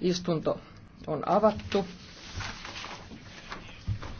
Istunto on avattu.